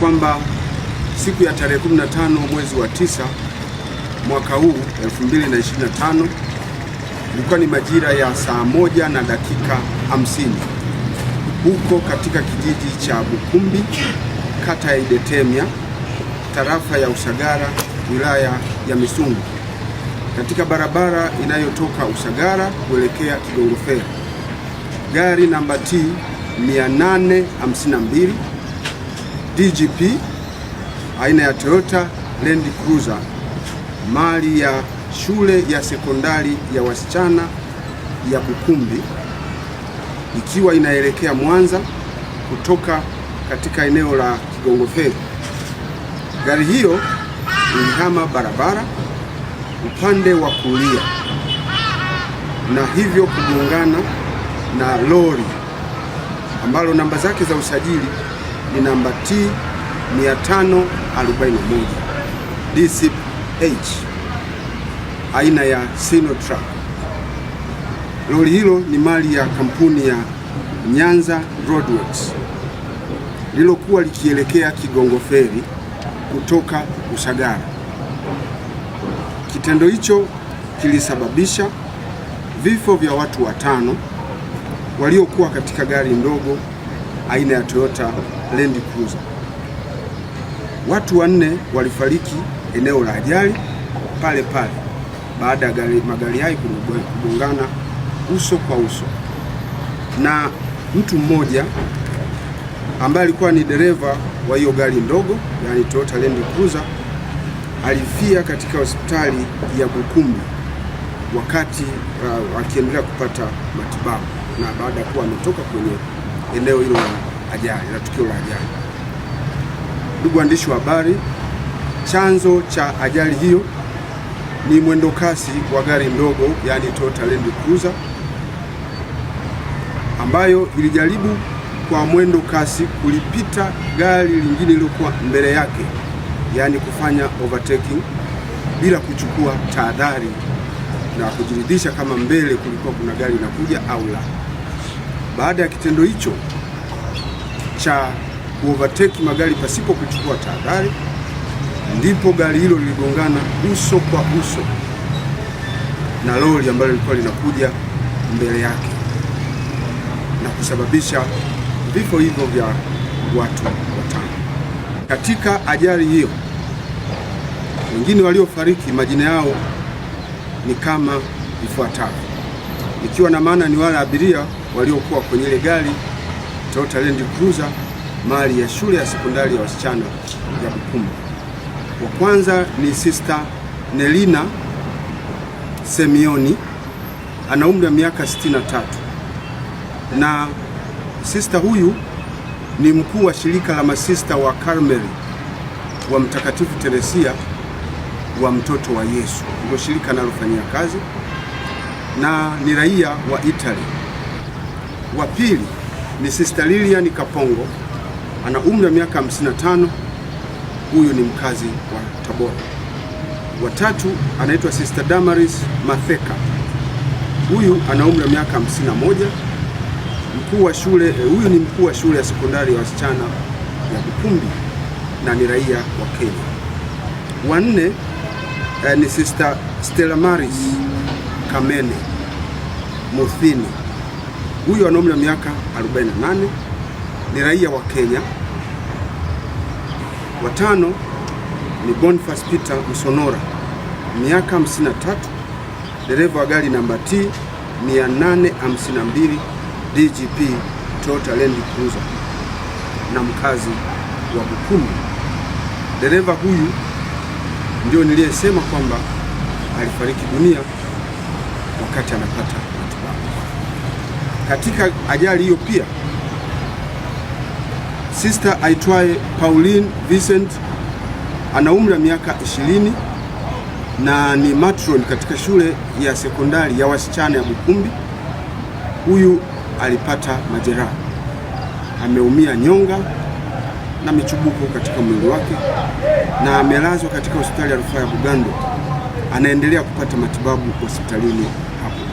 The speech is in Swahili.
kwamba siku ya tarehe 15 mwezi wa tisa mwaka huu 2025 ilikuwa ni majira ya saa moja na dakika 50 huko katika kijiji cha Bukumbi kata ya Idetemya tarafa ya Usagara wilaya ya Misungu katika barabara inayotoka Usagara kuelekea Kigongofera gari namba T 852 DGP aina ya Toyota Land Cruiser, mali ya shule ya sekondari ya wasichana ya Bukumbi ikiwa inaelekea Mwanza kutoka katika eneo la Feri. Gari hiyo ilihama barabara upande wa kulia na hivyo kugongana na lori ambalo namba zake za usajili ni namba T 541 DCP H aina ya Sinotruk. Lori hilo ni mali ya kampuni ya Nyanza Roadworks lilokuwa likielekea Kigongo Feri kutoka Usagara. Kitendo hicho kilisababisha vifo vya watu watano waliokuwa katika gari ndogo aina ya Toyota Land Cruiser. Watu wanne walifariki eneo la ajali pale pale baada ya magari hayo kugongana uso kwa uso, na mtu mmoja ambaye alikuwa ni dereva wa hiyo gari ndogo, yani Toyota Land Cruiser, alifia katika hospitali ya Bukumbi wakati uh, akiendelea kupata matibabu na baada ya kuwa ametoka kwenye eneo hilo la ajali la tukio la ajali. Ndugu waandishi wa habari, chanzo cha ajali hiyo ni mwendokasi wa gari ndogo yaani Toyota Land Cruiser ambayo ilijaribu kwa mwendo kasi kulipita gari lingine lilokuwa mbele yake, yaani kufanya overtaking bila kuchukua tahadhari na kujiridhisha kama mbele kulikuwa kuna gari linakuja au la. Baada ya kitendo hicho cha kuovateki magari pasipo kuchukua tahadhari, ndipo gari hilo liligongana uso kwa uso na lori ambalo lilikuwa linakuja mbele yake na kusababisha vifo hivyo vya watu watano. Katika ajali hiyo, wengine waliofariki majina yao ni kama ifuatavyo, ikiwa na maana ni wale abiria waliokuwa kwenye ile gari Toyota Land Cruiser mali ya shule ya sekondari ya wasichana ya Bukumba. Wa kwanza ni Sister Nelina Semioni ana umri wa miaka 63, na sista huyu ni mkuu wa shirika la masista wa Karmeli wa Mtakatifu Teresia wa mtoto wa Yesu, ndio shirika analofanyia kazi na ni raia wa Italia. Wa pili ni Sister Lilian Kapongo ana umri wa miaka 55, huyu ni mkazi wa Tabora. Wa tatu anaitwa Sister Damaris Matheka, huyu ana umri wa miaka 51, mkuu wa shule eh, huyu ni mkuu wa shule ya sekondari ya wasichana ya Bukumbi na ni raia wa Kenya. Wa nne eh, ni Sister Stella Maris Kamene Muthini Huyu ana umri wa miaka 48, ni raia wa Kenya. Watano ni Boniface Peter Msonora, miaka 53, dereva wa gari namba T 852 DGP Toyota Land Cruiser na mkazi wa Bukumbi. Dereva huyu ndio niliyesema kwamba alifariki dunia wakati anapata katika ajali hiyo pia sister aitwaye Pauline Vincent ana umri wa miaka 20 na ni matron katika shule ya sekondari ya wasichana ya Bukumbi. Huyu alipata majeraha, ameumia nyonga na michubuko katika mwili wake na amelazwa katika hospitali ya rufaa ya Bugando, anaendelea kupata matibabu hospitalini hapo.